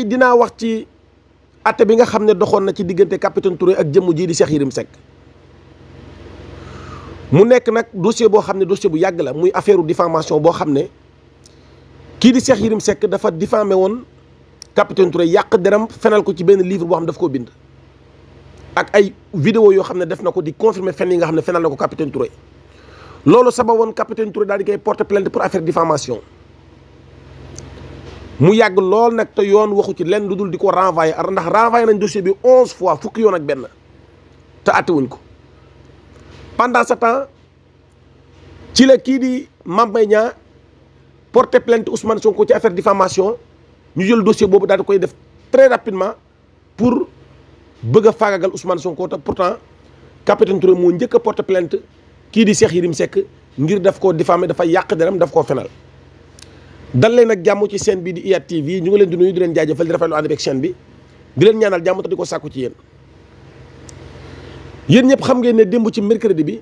tey dinaa wax ci atte bi nga xam ne doxoon na ci diggante capitaine toure ak jëmm jii di Cheikh Yérim Seck mu nekk nag dossier boo xam ne dossier bu yàgg la muy affaire diffamation boo xam ne kii di Cheikh Yérim sekk dafa diffamé woon capitaine Touré yàq deram fenal ko ci benn livre boo xam ne daf ko bind ak ay vidéo yoo xam ne def na ko di confirmer fen yi nga xam ne fenal na ko capitaine Touré loolu woon capitaine Touré daal di koy porter plainte pour affaire diffamation mu yàgg lool nag te yoon waxu ci lenn lu dul di ko renvoyer ndax renvoyer nañ dossier bi onze fois fukki yoon ak benn te attewuñ ko pendant ce temps ci la kii di Mame Mbaye Niang porté plainte Ousmane Sonko ci affaire diffamation ñu jël dossier boobu daal di koy def très rapidement pour bëgg a faagagal Ousmane Sonko te pourtant capitaine Touré moo njëkk a porté plainte kii di Cheikh Yérim sekk ngir daf koo diffamé dafa yàq deram daf koo fenal dal leen ak jàmm ci chaîne bi di IYAT TV ñu ngi leen di nuyu di leen jaajëfal di rafetlu ànd beeg chaîne bi di leen ñaanal jàmm te di ko sàkku ci yéen yéen ñëpp xam ngeen ne démb ci mercredi bi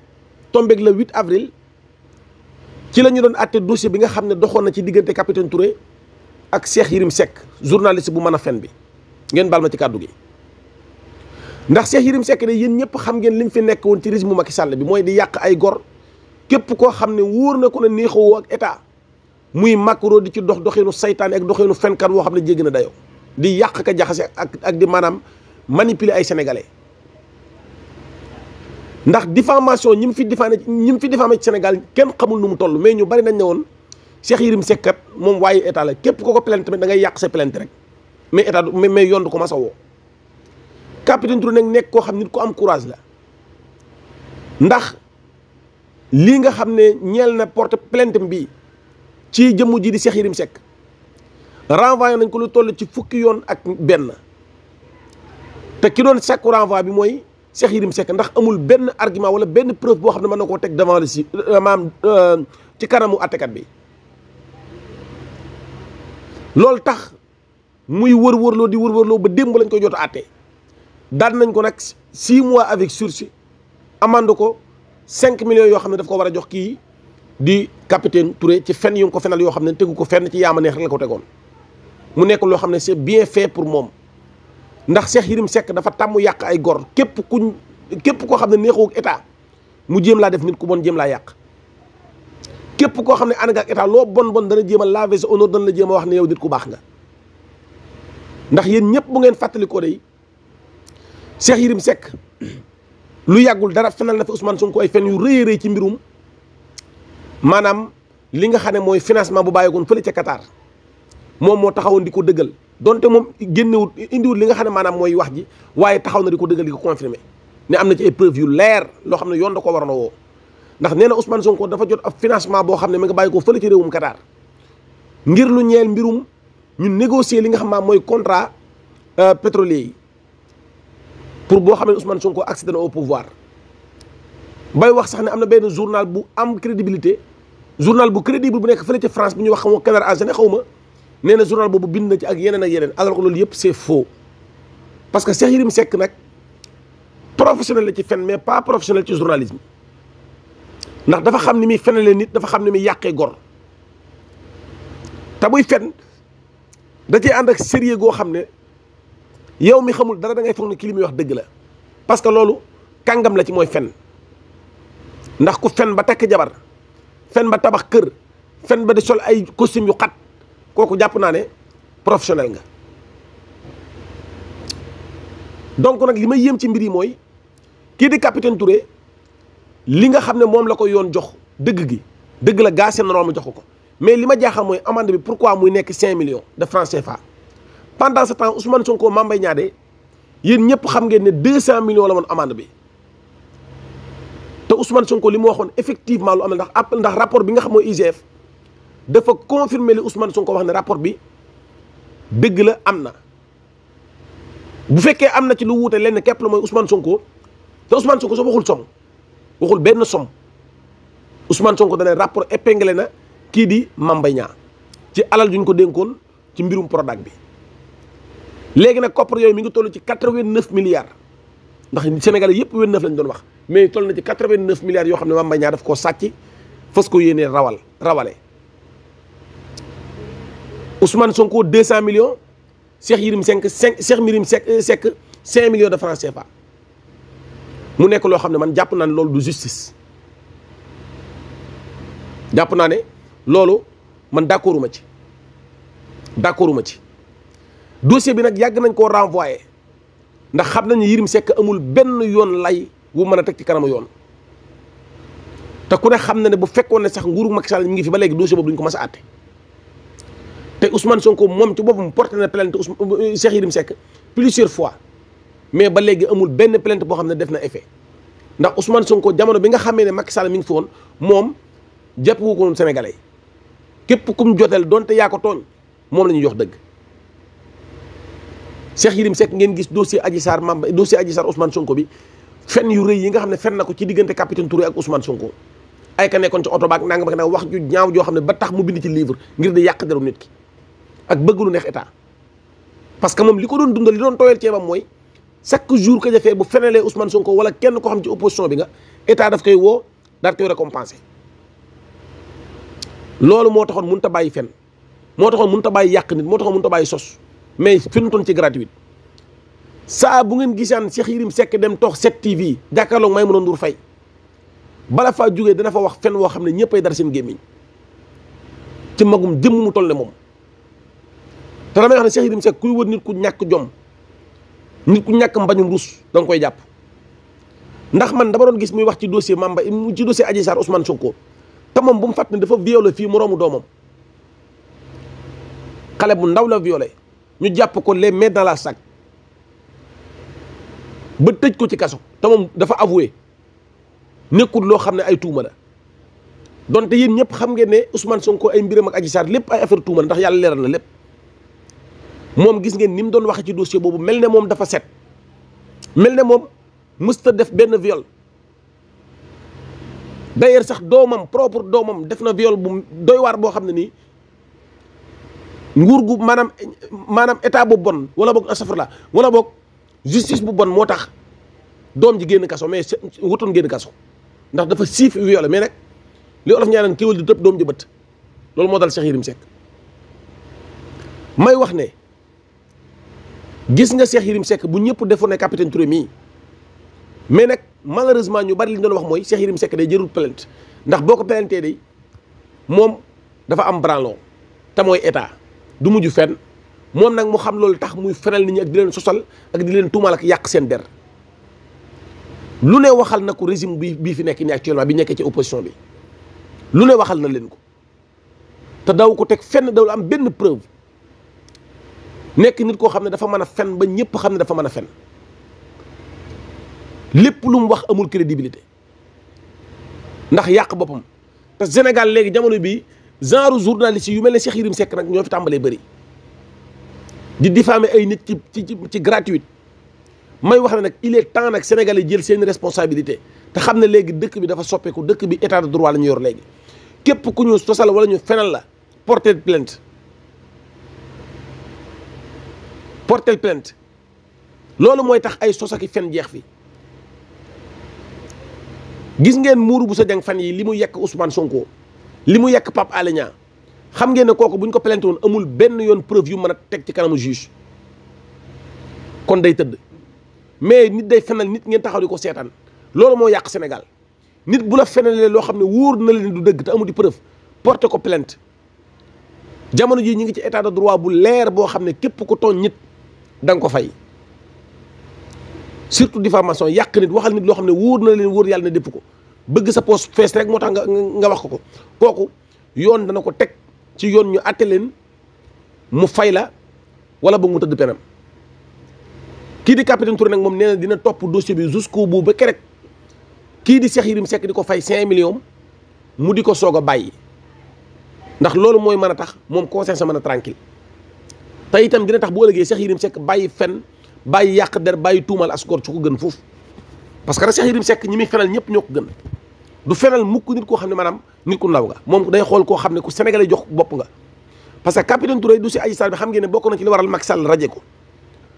tombeeg le 8 avril ci la ñu doon àtte dossier bi nga xam ne doxoon na ci diggante capitaine Touré ak Cheikh Yérim Seck journaliste bu mën a fen bi ngeen baal ci kàddu gi. ndax Cheikh Yérim Seck de yéen ñëpp xam ngeen li mu fi nekk woon ci régime Macky Sall bi mooy di yàq ay gor képp koo xam ne wóor na ko ne neexoo ak état. muy Macron di ci dox doxinu seytaane ak doxinu fenkat woo xam ne jéggi na dayoo di yàq ka jaxase ak ak di maanaam manipile ay sénégalais ndax diffamation ñi mu fi diffamé ñi mu fi diffamé ci Sénégal kenn xamul nu mu toll mais ñu bari nañ ne woon Cheikh Yérim Seck kat moom waaye état la képp ko ko plante tamit da ngay yàq sa plainte rek mais état du mais yoon du ko ma a woo capitaine nag nekk koo xam nit ku am courage la ndax lii nga xam ne ñeel na porte plainte bi. ci jëmm ji di Cheikh Yérim Seck renvoyé nañ ko lu toll ci fukki yoon ak benn te ki doon sàkku renvoi bi mooy Cheikh Yérim sekk ndax amul benn argument wala benn preuve boo xam ne mën na koo teg devant le si euh, maam euh, ci kanamu àttekat bi loolu tax muy wër-wërloo di wër-wërloo ba démb lañ koy jot a àtte nañ ko nag six mois avec sursis amande ko cinq millions yoo xam ne daf ko war a jox kii di capitaine Touré ci fen yu ngi ko fenal yoo xam ne tegu ko fenn ci yaama neex rek la ko tegoon mu nekk loo xam ne c'est bien fait pour moom ndax Cheikh Yérim sekk dafa tàmm yàq ay gor képp ku képp koo xam ne neexoo ak état mu jéem laa def nit ku bon jëm laa yàq képp koo xam ne ànd nga ak état loo bon bon dana jéem a laver sa honneur dana la jéem a wax ne yow nit ku baax nga ndax yéen ñëpp bu ngeen fàttalikoo day Cheikh Yérim sekk lu yàggul dara fenal na fi Ousmane Sonko ay fen yu rëy rëy ci mbirum maanaam li nga xam ne mooy financement bu bàyyeekoon fële ca Qatar moom moo taxawoon di ko dëggal donte moom génnewut indiwut li nga xam ne maanaam mooy wax ji waaye taxaw na di ko dëggal di ko confirmé ne am na ci ay yu leer loo xam ne yoon da ko war na woo ndax nee na Ousmane Sonko dafa jot ab financement boo xam ne mi nga bàyyi ko fële ci réewum Qatar ngir lu ñeel mbirum ñu négocier li nga xam maa mooy contrat euh, pétrolier yi pour boo xam ne Sonko accédé na au bay wax sax ne am na benn journal bu am crédibilité journal bu crédible bu nekk fële ca France bu ñuy wax xaw ma Canard enchaîné xaw ma nee journal boobu bind na ci ak yeneen ak yeneen alors que parce que Cheikh Yérim Seck nag professionnel la ci fen mais pas professionnel ci journalisme ndax dafa xam ni muy fenalee nit dafa xam ni muy yàqee gor buy fen da cee ànd ak sérieux goo xam ne yow mi xamul dara da ngay foog ne ki li muy wax dëgg la parce que loolu kàngam la ci mooy fen ndax ku fen ba takk jabar fen ba tabax kër fen ba di sol ay costume yu xat kooku jàpp naa ne professionnel nga donc nag li ma yéem ci mbir yi mooy kii di capitaine Touré li nga xam ne moom la ko yoon jox dëgg gi dëgg la gaa seen norme jox ko mais li ma jaaxal mooy amende bi pourquoi muy nekk 5 millions de francs CFA. pendant ce temps Ousmane Sonko Mame Mbaye Niang yéen ñëpp xam ngeen ne 200 millions la moon amande bi. Ousmane Sonko li mu waxoon effectivement lu am na ndax rapport bi nga xam mooy IGF dafa confirmer li Ousmane Sonko wax ne rapport bi dëgg la am na. bu fekkee am na ci lu wuute lenn képp la mooy Ousmane Sonko te Ousmane Sonko soo waxul som waxul benn som Ousmane Sonko dana rapport épinglé na kii di Mame ci alal juñ ko dénkoon ci mbirum Prodac bi léegi na koppar yooyu mi ngi toll ci quatre-vingt-neuf milliards. ndax sénégalais yëpp 29 lañ doon wax mais toll na ci 89 milliards yoo xam ne Mame Mbaye Niang daf koo sàcc fas ko yéenee rawal rawale Ousmane Sonko 200 millions Cheikh Yirim Seck Cheikh Mirim Seck euh, Seck 5 millions de francs CFA mu nekk loo xam ne man jàpp naa ne loolu du justice jàpp naa ne loolu man d'accorduma ci d'accorduma ci dossier bi nag yàgg nañ koo renvoyer ndax xam nañu Yérim sekk amul benn yoon lay wu mën a teg ci kanamu yoon te ku ne xam na ne bu fekkoon ne sax nguuru Macky Sall mi ngi fi ba léegi dossier boobu duñ ko mas a àtte te Ousmane Sonko moom ci boppam porté na plainte Ousmane euh, Cheikh Yérim Seck plusieurs fois mais ba léegi amul benn plainte boo xam ne def na effet ndax Ousmane Sonko jamono bi nga xamee ne Macky Sall mi ngi fi woon moom jàpp wu ko woon Sénégalais képp kum joteel donte yaa ko tooñ moom la ñuy jox dëgg. Cheikh Yérim Seck ngeen gis dossier Adji Sarr Mame Mbaye dossier Adji Sarr Ousmane Sonko bi fenn yu rëy yi nga xam ne fenn na ko ci diggante capitaine Touré ak Ousmane Sonko ay ka nekkoon ci oto baak nanga ba nag wax ju ñaaw joo xam ne ba tax mu bind ci livre ngir di yàq deru nit ki ak bëgg lu neex état parce que moom li ko doon dundal li doon tooyal ceebam mooy chaque jour que jafee bu fenelee Ousmane Sonko wala kenn ko xam ci opposition bi nga état daf koy woo daal koy récompensé loolu moo taxoon mënut a bàyyi fen moo taxoon mënut a bàyyi yàq nit moo taxoon mënut a bàyyi sos mais fi ñu toon ci gratuite saa bu ngeen gisaan Cheikh Yérim Seck dem toog 7TV jàkkaarloog Maïmouna Ndour Faye bala faa jógee dana fa wax fen woo xam ne ñëppay dar seen gémmiñ ci magum jëmm mu toll ne moom te damay wax ne Cheikh Yérim Seck kuy wër nit ku ñàkk jom nit ku ñàkk mbañum rus da nga koy jàpp ndax man dama doon gis muy wax ci dossier Mamba ci dossier Adji Sarr Ousmane Sonko te moom bu mu fàtt ni dafa violé fii moroomu doomam xale bu ndaw la violé ñu jàpp ko les mais dans la sac ba tëj ko ci kaso te moom dafa avoué nekkul loo xam ne ay tuuma la donte yéen ñëpp xam ngeen ne Ousmane Sonko ay mbiram ak Adji lépp ay affaire tuuma ndax yàlla leeral na lépp moom gis ngeen ni mu doon waxee ci dossier boobu mel ne moom dafa set mel ne moom mësta def benn viol d'ailleurs sax doomam propre doomam def na viol bu doy waar boo xam ne nii nguur gu maanaam maanaam état bu bon wala boog astafurlah wala boog justice bu bon moo tax doom ji génn kaso mais wutoon génn kaso ndax dafa siif violé mais nag li olof ñaa naan kéwél di tëb doom ji bët loolu moo dal Cheikh Yérim Seck may wax ne gis nga Cheikh Yérim sekk bu ñëpp defoon ne capitaine Touré mii mais nag malheureusement ñu bari li ñu doon wax mooy Cheikh Yérim Seck day jërul plainte ndax boo ko plaintee day moom dafa am branlon te état du mujj fenn moom nag mu xam loolu tax muy fenal ni ñi ak di leen sosal ak di leen tuumal ak yàq seen der lu ne waxal na ko régime bi bii fi nekk nii actuellement bi nekkee ci opposition bi lu ne waxal na leen ko te daw ko teg fenn daw am benn preuve nekk nit koo xam ne dafa mën a fen ba ñëpp xam ne dafa mën a fen lépp lu mu wax amul crédibilité ndax yàq boppam te Sénégal léegi jamono bii genre journaliste yu mel ne Cheikh Yérim Seck nag ñoo fi tàmbalee bëri di ay nit ci ci ci gratuite may wax ne nag il est temps nag jël seen responsabilité te xam ne léegi dëkk bi dafa soppeeku dëkk bi état de droit la ñu yor léegi képp ku ñu sosal wala ñu fenal la porter plainte porter loolu mooy tax ay sos fen jeex fi gis ngeen muuru bu sa jàng fan yi li mu yekk Ousmane Sonko. li mu yekk pap Alé xam ngeen ne kooku bu ñu ko plainte woon amul benn yoon preuve yu man a teg ci kanamu juge kon day tëdd mais nit day fenal nit ngeen taxaw di ko seetaan loolu moo yàq senegal nit bu la fenalee loo xam ne wóor na leen du dëgg te amul di preuve porté ko plainte jamono jii ñu ngi ci état de droit bu leer boo xam ne képp ko tooñ nit danga ko fay surtout diffamation yàq nit waxal nit loo xam ne wóor na leen wóor yàlla ne dépp ko bëgg sa poos fees rek moo tax nga nga wax ko kooku yoon dana ko teg ci yoon ñu àtte leen mu fay la wala ba mu tëdd penam kii di capitaine Touré nag moom nee dina topp dossier bi jusqu'au bout ba kerek kii di Cheikh Yérim Seck di ko fay 5 millions mu di ko soog a bàyyi ndax loolu mooy mën a tax moom sa mën a tranquille te itam dina tax bu ëllëgee Cheikh Yérim sekk bàyyi fen bàyyi yàq der bàyyi tuumal askor ci ko gën foofu parce que rek Cheikh Yérim Seck muy fenal ñëpp ñoo ko gën du fenal mukk nit koo xam ne maanaam nit ku ndaw nga moom day xool koo xam ne ku sénégalais jox bopp nga parce que capitaine Touré dossier Adji Sarr bi xam ngeen ne bokk na ci li waral Macky Sall raje ko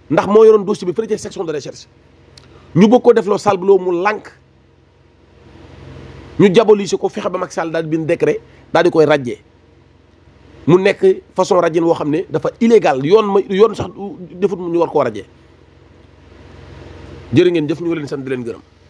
ndax moo yoroon dossier bi fële ci section de recherche ñu bëgg ko defloo Sall loo mu lànk ñu diaboliser ko fexe ba mag Sall daal di bind décret daal di koy raje mu nekk façon rajin woo xam ne dafa illégal yoon ma yoon sax defut ñu war koo rajee jërë ngeen def ñu ngi leen sant di leen gërëm